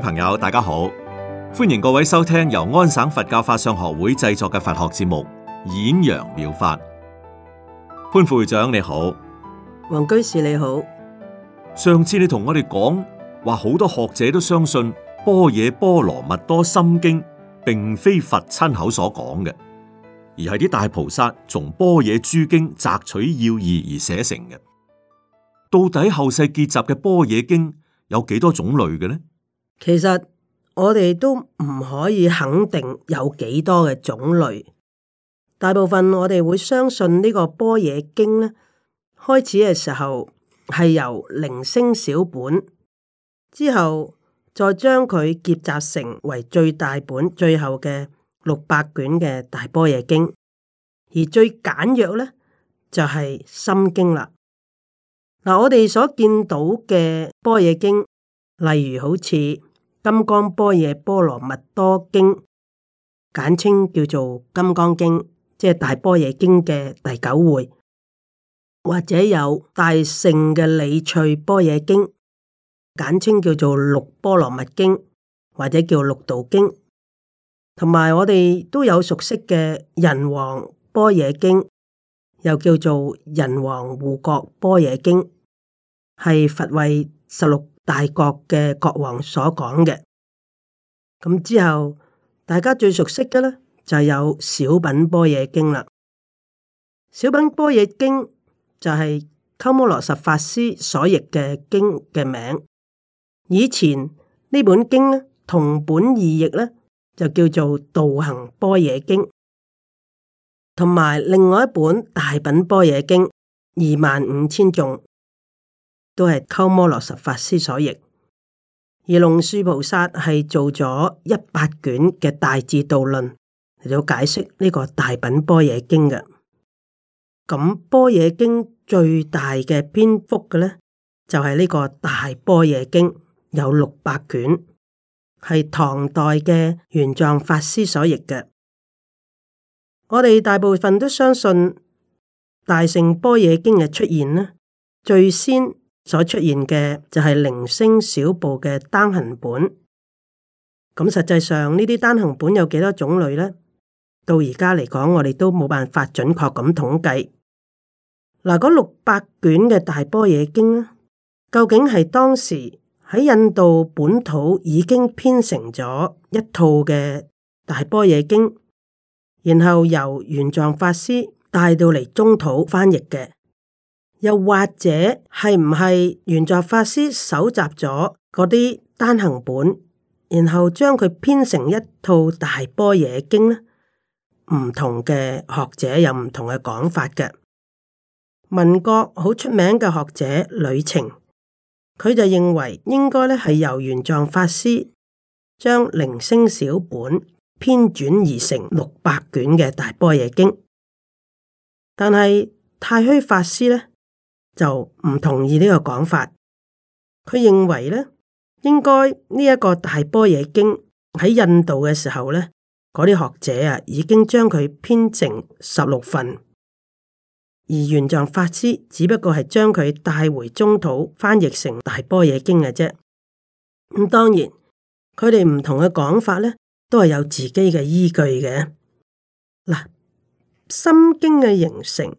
朋友，大家好，歡迎各位收聽由安省佛教法相學會製作嘅佛學節目《演揚妙法》。潘副會長你好，王居士你好。上次你同我哋講，話好多學者都相信《般若波羅蜜多心經》並非佛親口所講嘅，而係啲大菩薩從《般若諸經》摘取要義而寫成嘅。到底後世結集嘅《般若經》有幾多種類嘅呢？其實我哋都唔可以肯定有幾多嘅種類，大部分我哋會相信這個呢個般若經咧，開始嘅時候係由零星小本，之後再將佢結集成為最大本，最後嘅六百卷嘅大般若經，而最簡約咧就係、是、心經啦。嗱，我哋所見到嘅般若經，例如好似。《金剛般若波羅蜜多經》，簡稱叫做《金剛經》，即係《大般若經》嘅第九會；或者有大乘嘅《理趣般若經》，簡稱叫做《六波羅蜜經》，或者叫《六度經》，同埋我哋都有熟悉嘅《仁王般若經》，又叫做《仁王護國般若經》，係佛為十六。大國嘅國王所講嘅，咁之後大家最熟悉嘅咧，就有小品般若經啦。小品般若經就係鳩摩羅什法師所譯嘅經嘅名。以前呢本經呢同本異譯呢就叫做道行般若經，同埋另外一本大品般若經，二萬五千頌。都係鳩摩羅什法師所譯，而龍樹菩薩係做咗一百卷嘅《大智度論》嚟到解釋呢個《大品般若經》嘅。咁《般若經》最大嘅篇幅嘅咧，就係、是、呢個《大般若經》，有六百卷，係唐代嘅玄奘法師所譯嘅。我哋大部分都相信《大乘般若經》嘅出現呢，最先。所出現嘅就係零星小部嘅單行本，咁實際上呢啲單行本有幾多種類呢？到而家嚟講，我哋都冇辦法準確咁統計。嗱，嗰六百卷嘅大波野經，究竟係當時喺印度本土已經編成咗一套嘅大波野經，然後由玄奘法師帶到嚟中土翻譯嘅？又或者係唔係玄奘法師搜集咗嗰啲單行本，然後將佢編成一套大般若經呢？唔同嘅學者有唔同嘅講法嘅。民國好出名嘅學者呂澄，佢就認為應該呢係由玄奘法師將零星小本編纂而成六百卷嘅大般若經。但係太虛法師呢？就唔同意呢個講法，佢認為呢應該呢一個大般若經喺印度嘅時候呢，嗰啲學者啊已經將佢編成十六份，而玄奘法師只不過係將佢帶回中土翻譯成大般若經嘅啫。咁當然，佢哋唔同嘅講法呢都係有自己嘅依據嘅。嗱，心經嘅形成。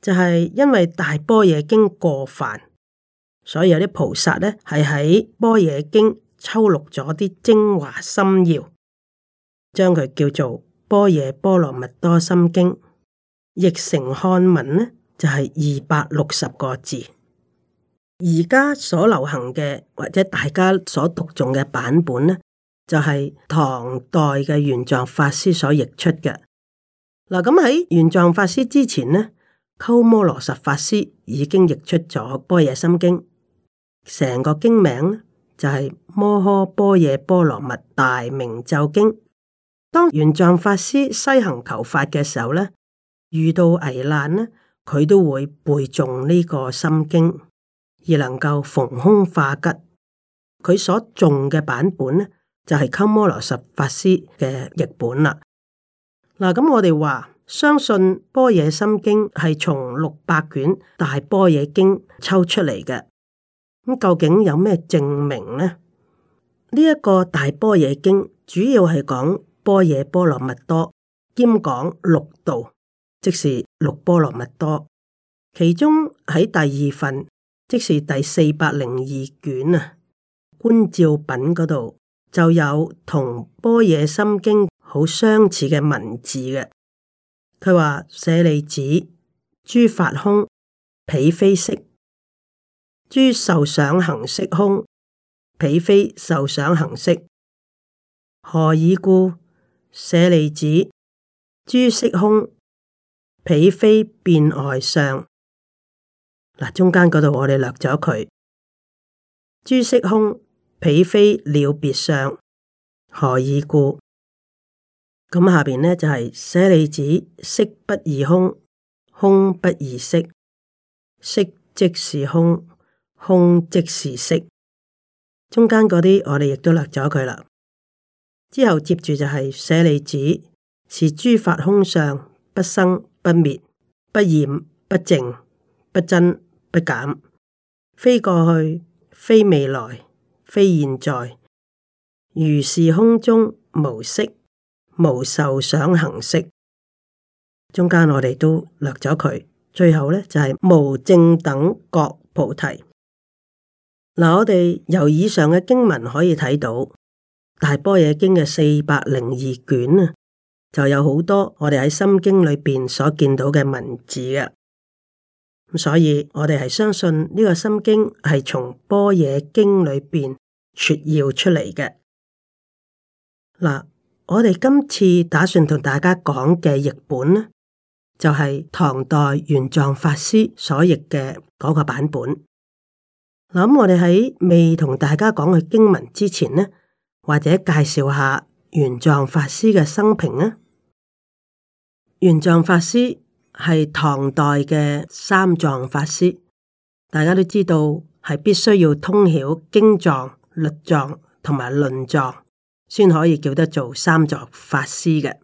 就係因為大般若經過繁，所以有啲菩薩呢係喺般若經抽錄咗啲精華心要，將佢叫做《般若波羅蜜多心經》，譯成漢文呢，就係二百六十個字。而家所流行嘅或者大家所讀誦嘅版本呢，就係唐代嘅玄奘法師所譯出嘅。嗱，咁喺玄奘法師之前呢，鳩摩羅什法師已經譯出咗《般若心經》，成個經名就係、是《摩訶般若波羅蜜大明咒經》。當玄奘法師西行求法嘅時候呢，遇到危難咧，佢都會背誦呢個心經，而能夠逢凶化吉。佢所誦嘅版本咧，就係鳩摩羅什法師嘅譯本啦。嗱，咁我哋話。相信《般若心經》係從六百卷《大般若經》抽出嚟嘅。咁究竟有咩證明呢？呢、這、一個《大般若經》主要係講般若波羅蜜多兼講六度，即是六波羅蜜多。其中喺第二份，即是第四百零二卷啊，觀照品嗰度就有同《般若心經》好相似嘅文字嘅。佢話捨利子，諸法空，彼非色；諸受想行識空，彼非受想行識。何以故？捨利子，諸色空，彼非變外相。嗱，中間嗰度我哋略咗佢。諸色空，彼非了別相。何以故？咁下面呢，就係舍利子，色不異空，空不異色，色即是空，空即是色。中間嗰啲我哋亦都略咗佢啦。之後接住就係舍利子是諸法空相，不生不滅，不染不淨，不增不減。非過去，非未來，非現在，如是空中無色。無受想行識，中間我哋都略咗佢。最後咧就係、是、無正等覺菩提。嗱、嗯，我哋由以上嘅經文可以睇到，大般若經嘅四百零二卷啊，就有好多我哋喺心經裏邊所見到嘅文字嘅。咁所以我哋係相信呢個心經係從般若經裏邊撮要出嚟嘅嗱。嗯我哋今次打算同大家講嘅譯本呢，呢就係唐代玄奘法師所譯嘅嗰個版本。嗱，咁我哋喺未同大家講佢經文之前呢，或者介紹下玄奘法師嘅生平啊。玄奘法師係唐代嘅三藏法師，大家都知道係必須要通曉經藏、律藏同埋論藏。先可以叫得做三藏法師嘅，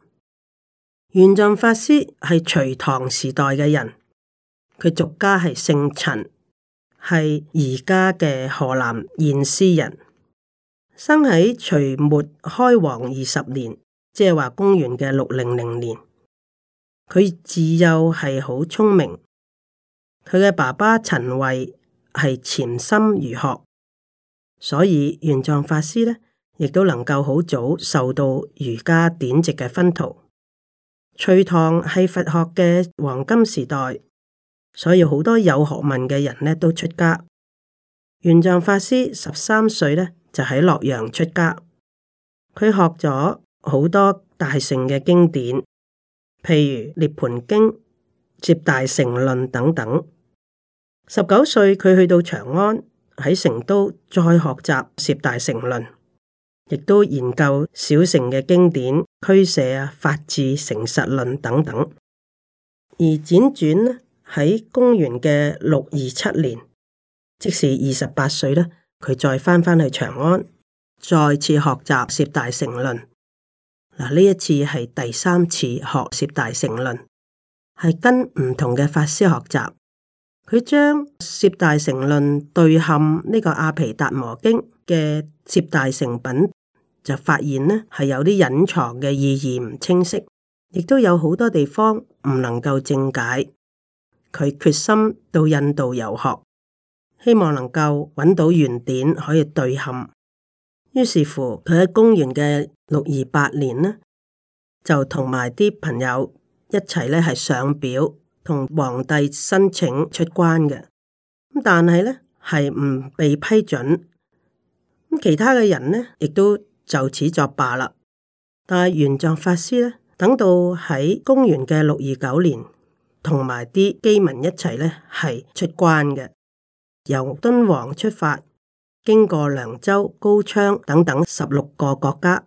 玄奘法師係隋唐時代嘅人，佢俗家係姓陳，係而家嘅河南偃師人，生喺隋末開皇二十年，即係話公元嘅六零零年。佢自幼係好聰明，佢嘅爸爸陳慧係潛心儒學，所以玄奘法師咧。亦都能夠好早受到儒家典籍嘅熏陶。隋唐係佛學嘅黃金時代，所以好多有學問嘅人呢都出家。玄奘法師十三歲呢就喺洛陽出家，佢學咗好多大乘嘅經典，譬如《涅槃經》《攝大乘論》等等。十九歲佢去到長安，喺成都再學習《攝大乘論》。亦都研究小乘嘅經典、俱舍啊、法治、成實論等等。而輾轉呢喺公元嘅六二七年，即是二十八歲啦。佢再翻返去長安，再次學習攝大乘論。嗱呢一次係第三次學攝大乘論，係跟唔同嘅法師學習。佢將攝大乘論對冚呢個阿毗達摩經嘅攝大乘品。就發現呢係有啲隱藏嘅意義唔清晰，亦都有好多地方唔能夠正解。佢決心到印度遊學，希望能夠揾到原典可以對勘。於是乎佢喺公元嘅六二八年呢，就同埋啲朋友一齊呢係上表同皇帝申請出關嘅。但係呢係唔被批准。其他嘅人呢亦都。就此作罷啦。但係玄奘法師咧，等到喺公元嘅六二九年，同埋啲基民一齊呢係出關嘅，由敦煌出發，經過涼州、高昌等等十六個國家，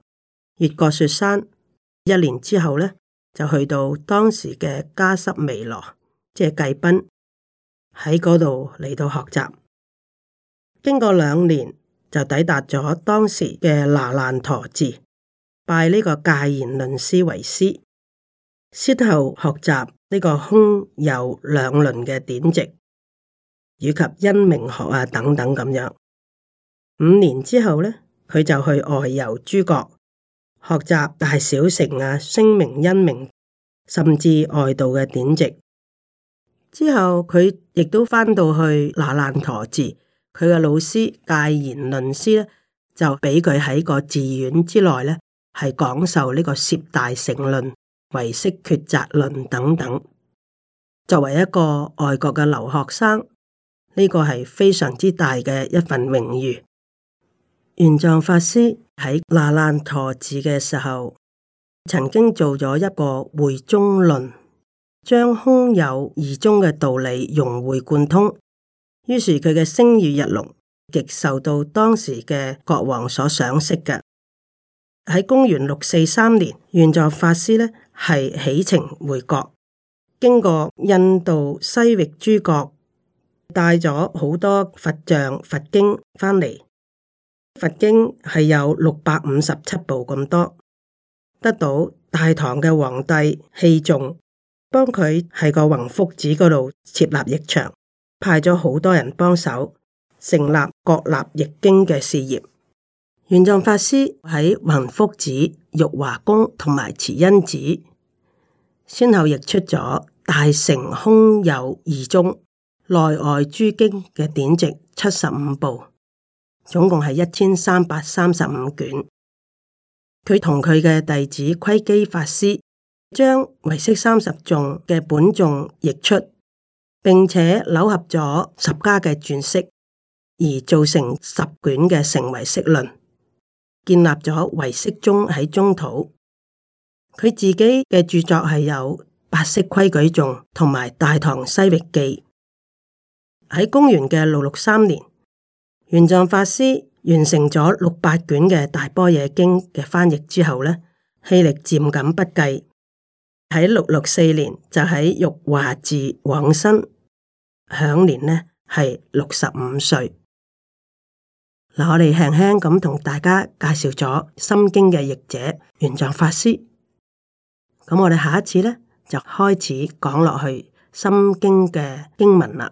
越過雪山，一年之後呢，就去到當時嘅迦濕彌羅，即係罽賓，喺嗰度嚟到學習，經過兩年。就抵達咗當時嘅那爛陀寺，拜呢個戒賢論師為師，先後學習呢個空有兩論嘅典籍，以及因明學啊等等咁樣。五年之後咧，佢就去外遊諸國，學習大小乘啊、聲明因明，甚至外道嘅典籍。之後佢亦都翻到去那爛陀寺。佢嘅老師戒言論師咧，就俾佢喺個寺院之內呢，係講授呢個攝大乘論、唯識抉擇論等等。作為一個外國嘅留學生，呢個係非常之大嘅一份榮譽。玄奘法師喺那爛陀寺嘅時候，曾經做咗一個會中論，將空有二宗嘅道理融會貫通。於是佢嘅聲譽日隆，極受到當時嘅國王所賞識嘅。喺公元六四三年，玄奘法師呢係啟程回國，經過印度西域諸國，帶咗好多佛像、佛經翻嚟。佛經係有六百五十七部咁多，得到大唐嘅皇帝器重，幫佢喺個弘福寺嗰度設立譯場。派咗好多人幫手，成立國立譯經嘅事業。玄奘法師喺弘福寺、玉華宮同埋慈恩寺，先後譯出咗大乘空有二宗內外諸經嘅典籍七十五部，總共係一千三百三十五卷。佢同佢嘅弟子窺基法師，將唯識三十頌嘅本頌譯出。並且扭合咗十家嘅鑽石，而造成十卷嘅成唯識論，建立咗唯識宗喺中土。佢自己嘅著作係有《八識規矩頌》同埋《大唐西域記》。喺公元嘅六六三年，玄奘法師完成咗六百卷嘅《大般若經》嘅翻譯之後呢，氣力漸感不繼。喺六六四年就喺玉華寺往生，享年呢係六十五歲。嗱，我哋輕輕咁同大家介紹咗《心經》嘅譯者玄奘法師，咁我哋下一次呢就開始講落去《心經》嘅經文啦。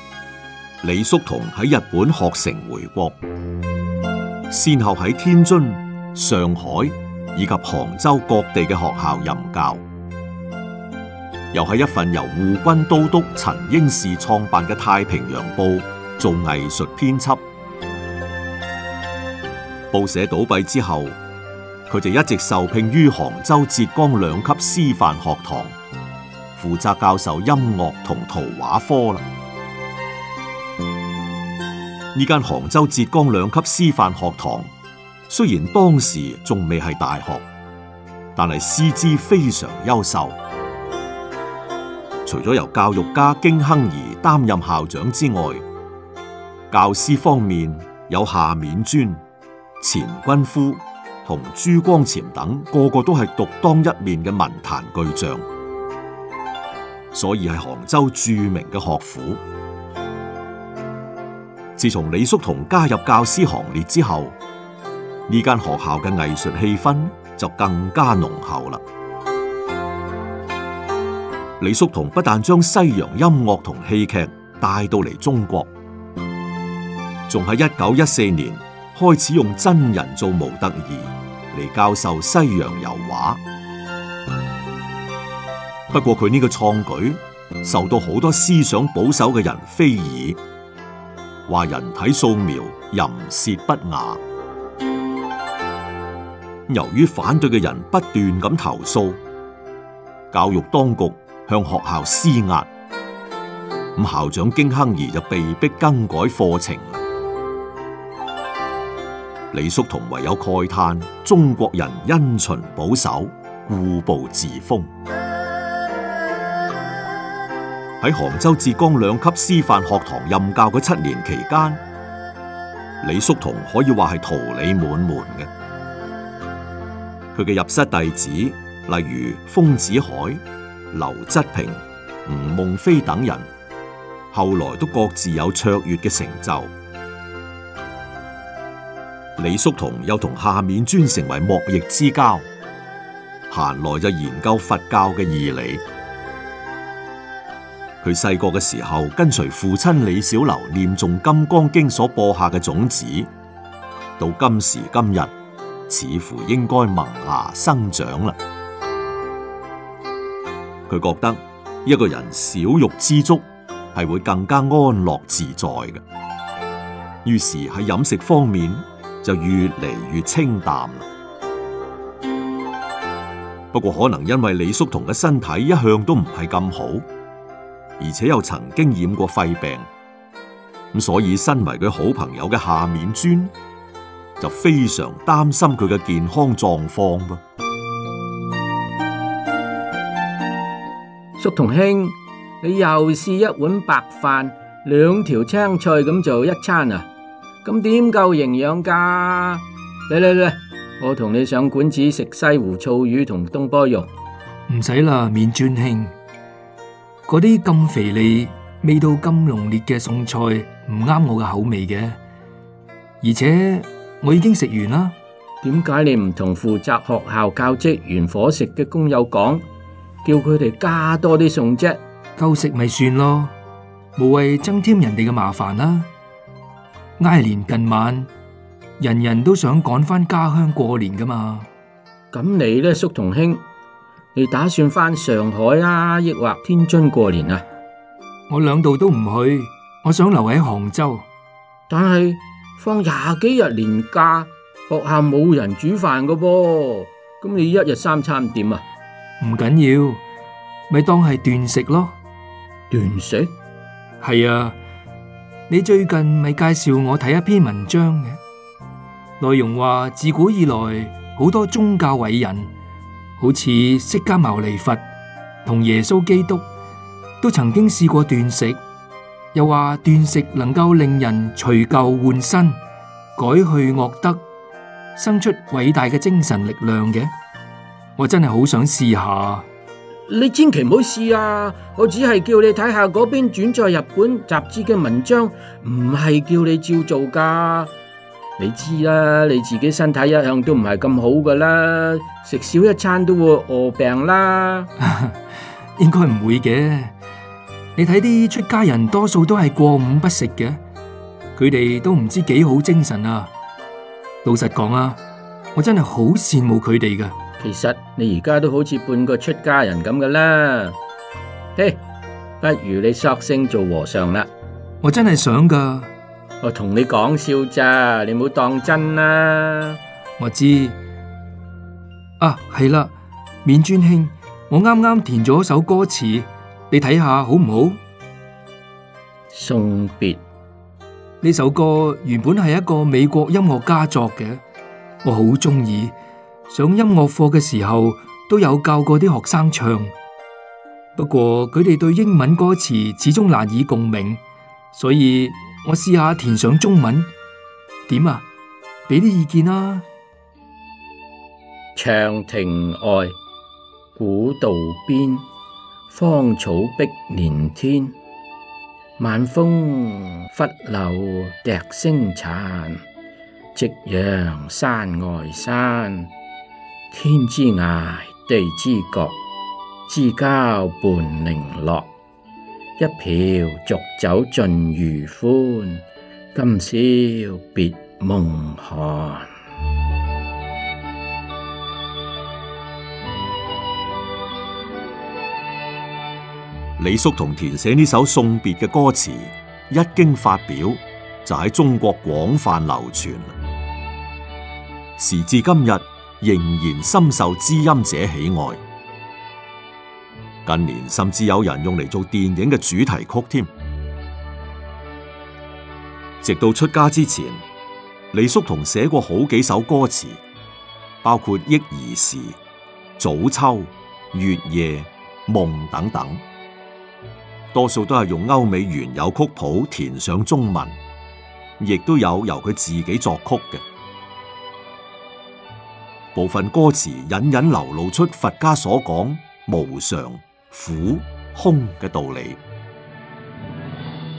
李叔同喺日本學成回國，先後喺天津、上海以及杭州各地嘅學校任教，又喺一份由滬軍都督陳英士創辦嘅《太平洋報》做藝術編輯。報社倒閉之後，佢就一直受聘於杭州浙江兩級師範學堂，負責教授音樂同圖畫科啦。呢間杭州浙江兩級師範學堂雖然當時仲未係大學，但係師資非常優秀。除咗由教育家經亨頤擔任校長之外，教師方面有夏丏尊、錢均夫同朱光潛等，個個都係獨當一面嘅文壇巨匠，所以係杭州著名嘅學府。自從李叔同加入教師行列之後，呢間學校嘅藝術氣氛就更加濃厚啦。李叔同不但將西洋音樂同戲劇帶到嚟中國，仲喺一九一四年開始用真人做模特兒嚟教授西洋油畫。不過佢呢個創舉受到好多思想保守嘅人非議。話人體素描淫褻不雅，由於反對嘅人不斷咁投訴，教育當局向學校施壓，咁校長經亨頤就被迫更改課程。李叔同唯有慨嘆：中國人因循保守、固步自封。喺杭州、浙江兩級師範學堂任教嗰七年期間，李叔同可以話係桃李滿門嘅。佢嘅入室弟子，例如豐子愷、劉質平、吳夢非等人，後來都各自有卓越嘅成就。李叔同又同夏丏尊成為莫逆之交，閒來就研究佛教嘅義理。佢細個嘅時候跟隨父親李筱樓念誦《金剛經》所播下嘅種子，到今時今日，似乎應該萌芽生長啦。佢覺得一個人少欲知足係會更加安樂自在嘅，於是喺飲食方面就越嚟越清淡。不過可能因為李叔同嘅身體一向都唔係咁好。而且又曾經染過肺病，咁所以身為佢好朋友嘅夏丏尊就非常擔心佢嘅健康狀況噃。叔同兄，你又試一碗白飯、兩條青菜咁做一餐啊？咁點夠營養噶？嚟嚟嚟，我同你上館子食西湖醋魚同東坡肉。唔使啦，丏尊兄。嗰啲咁肥膩、味道咁濃烈嘅餸菜唔啱我嘅口味嘅，而且我已經食完啦。點解你唔同負責學校教職員伙食嘅工友講，叫佢哋加多啲餸啫？夠食咪算咯，無謂增添人哋嘅麻煩啦。挨年近晚，人人都想趕返家鄉過年噶嘛。咁你呢，叔同兄？你打算翻上海啊，抑或天津過年啊？我兩度都唔去，我想留喺杭州。但係放廿幾日年假，學校冇人煮飯㗎噃，咁你一日三餐點啊？唔緊要，咪當係斷食咯。斷食？係啊，你最近咪介紹我睇一篇文章嘅，內容話自古以來好多宗教偉人。好似釋迦牟尼佛同耶穌基督都曾經試過斷食，又話斷食能夠令人除舊換新、改去惡德、生出偉大嘅精神力量嘅。我真係好想試下，你千祈唔好試啊！我只係叫你睇下嗰篇轉載日本雜誌嘅文章，唔係叫你照做噶。你知啦，你自己身體一向都唔係咁好噶啦，食少一餐都會餓病啦。應該唔會嘅，你睇啲出家人多數都係過午不食嘅，佢哋都唔知幾好精神啊。老實講啊，我真係好羨慕佢哋噶。其實你而家都好似半個出家人咁噶啦，嘿，不如你索性做和尚啦。我真係想噶。我同你講笑咋，你唔好當真啦。我知啊，係啦，免尊兄，我啱啱填咗一首歌詞，你睇下好唔好？送別。呢首歌原本係一個美國音樂家作嘅，我好中意，上音樂課嘅時候都有教過啲學生唱，不過佢哋對英文歌詞始終難以共鳴，所以。我試下填上中文點啊？畀啲意見啦、啊。長亭外，古道邊，芳草碧連天。晚風拂柳笛聲殘，夕陽山外山。天之涯，地之角，知交半零落。一瓢濁酒盡餘歡，今宵別夢寒。李叔同填寫呢首送別嘅歌詞，一經發表就喺中國廣泛流傳，時至今日仍然深受知音者喜愛。近年甚至有人用嚟做電影嘅主題曲添。直到出家之前，李叔同寫過好幾首歌詞，包括憶兒時、早秋、月夜、夢等等，多數都係用歐美原有曲譜填上中文，亦都有由佢自己作曲嘅。部分歌詞隱隱流露出佛家所講無常，苦空嘅道理，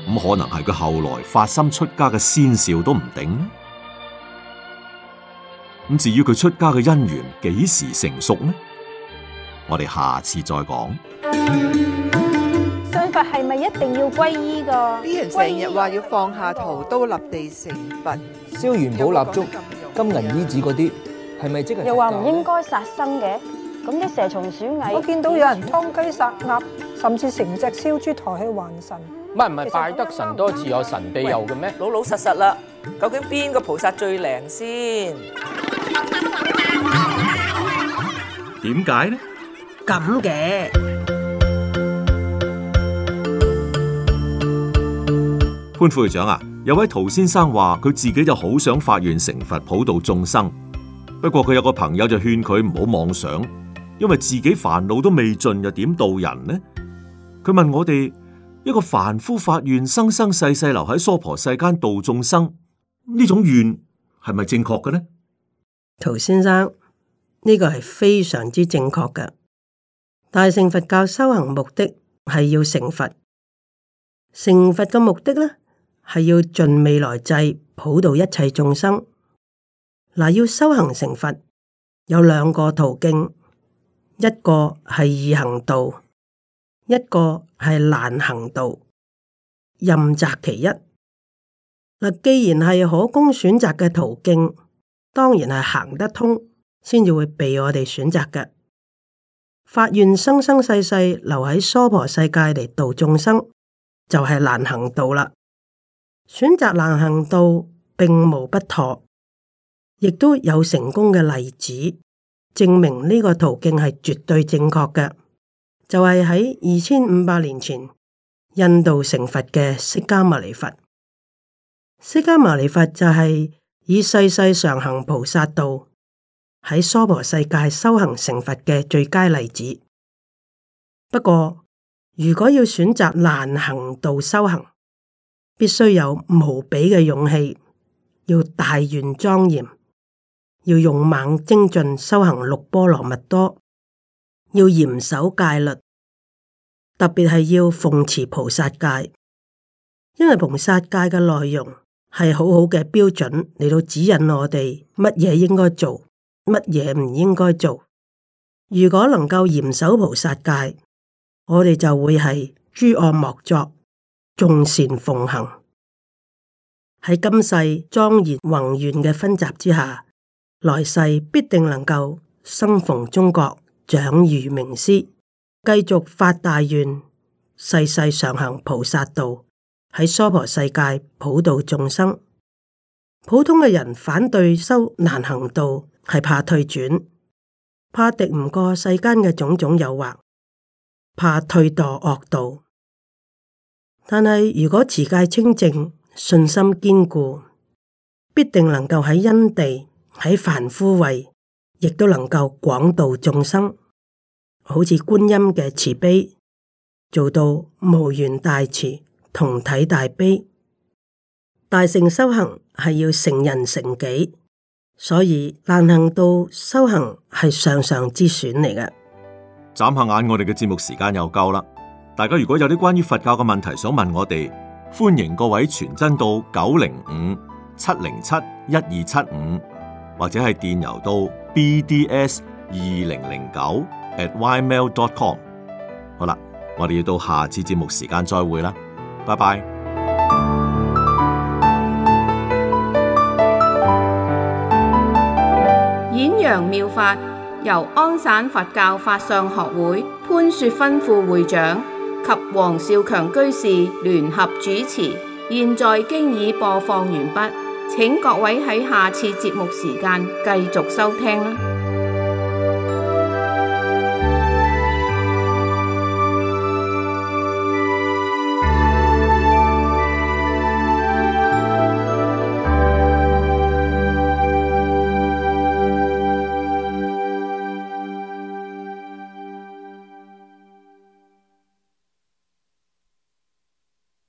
咁可能係佢後來發心出家嘅先兆都唔定。咁至於佢出家嘅因緣幾時成熟呢？我哋下次再講。信佛係咪一定要皈依㗎？呢人成日話要放下屠刀立地成佛，燒元寶蠟燭、金銀衣紙嗰啲，係咪即係？又話唔應該殺生嘅？咁啲蛇蟲鼠蟻，我見到有人劏雞殺鴨，甚至成隻燒豬抬去還神。唔係唔係，拜得神多自有神庇佑嘅咩？老老實實啦，究竟邊個菩薩最靈先？點解呢？咁嘅，潘副會長啊，有位陶先生話佢自己就好想發願成佛普度眾生，不過佢有個朋友就勸佢唔好妄想。因為自己煩惱都未盡，又點度人呢？佢問我哋一個凡夫發願生生世世留喺娑婆世間度眾生，呢種願係咪正確嘅呢？陶先生，呢個係非常之正確嘅。大乘佛教修行目的係要成佛，成佛嘅目的咧係要盡未來際普渡一切眾生。嗱，要修行成佛有兩個途徑。一個係易行道，一個係難行道，任擇其一。嗱，既然係可供選擇嘅途徑，當然係行得通，先至會被我哋選擇嘅。發願生生世世留喺娑婆世界嚟度眾生，就係難行道啦。選擇難行道，並無不妥，亦都有成功嘅例子。證明呢個途徑係絕對正確嘅，就係喺二千五百年前印度成佛嘅釋迦牟尼佛。釋迦牟尼佛就係以世世常行菩薩道喺娑婆世界修行成佛嘅最佳例子。不過，如果要選擇難行道修行，必須有無比嘅勇氣，要大願莊嚴。要勇猛精進修行六波羅蜜多，要嚴守戒律，特別係要奉持菩薩戒，因為菩薩戒嘅內容係好好嘅標準嚟到，指引我哋乜嘢應該做，乜嘢唔應該做。如果能夠嚴守菩薩戒，我哋就會係諸惡莫作，眾善奉行。喺今世莊嚴宏願嘅分集之下，來世必定能夠生逢中國，長遇名師，繼續發大願，世世常行菩薩道，喺娑婆世界普度眾生。普通嘅人反對修難行道，係怕退轉，怕敵唔過世間嘅種種誘惑，怕退墮惡道。但係如果持戒清淨，信心堅固，必定能夠喺因地。喺凡夫位，亦都能夠廣度眾生，好似觀音嘅慈悲做到無緣大慈，同體大悲。大乘修行係要成人成己，所以難行道修行係上上之選嚟嘅。眨下眼，我哋嘅節目時間又夠啦。大家如果有啲關於佛教嘅問題想問我哋，歡迎各位傳真到九零五七零七一二七五。或者係電郵到 bds 二零零九 at ymail.com。Com 好啦，我哋要到下次節目時間再會啦，拜拜。演揚妙法由安省佛教法相學會潘雪芬副會長及黃少強居士聯合主持，現在經已播放完畢。請各位喺下次節目時間繼續收聽啦。